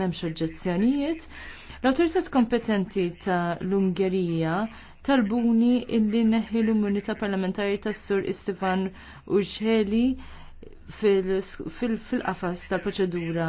memx oġġezzjonijiet. L-autoritet kompetenti ta' l-Ungerija talbuni illi neħi l-immunità parlamentari ta' sur Istefan Uġheli fil-qafas tal-proċedura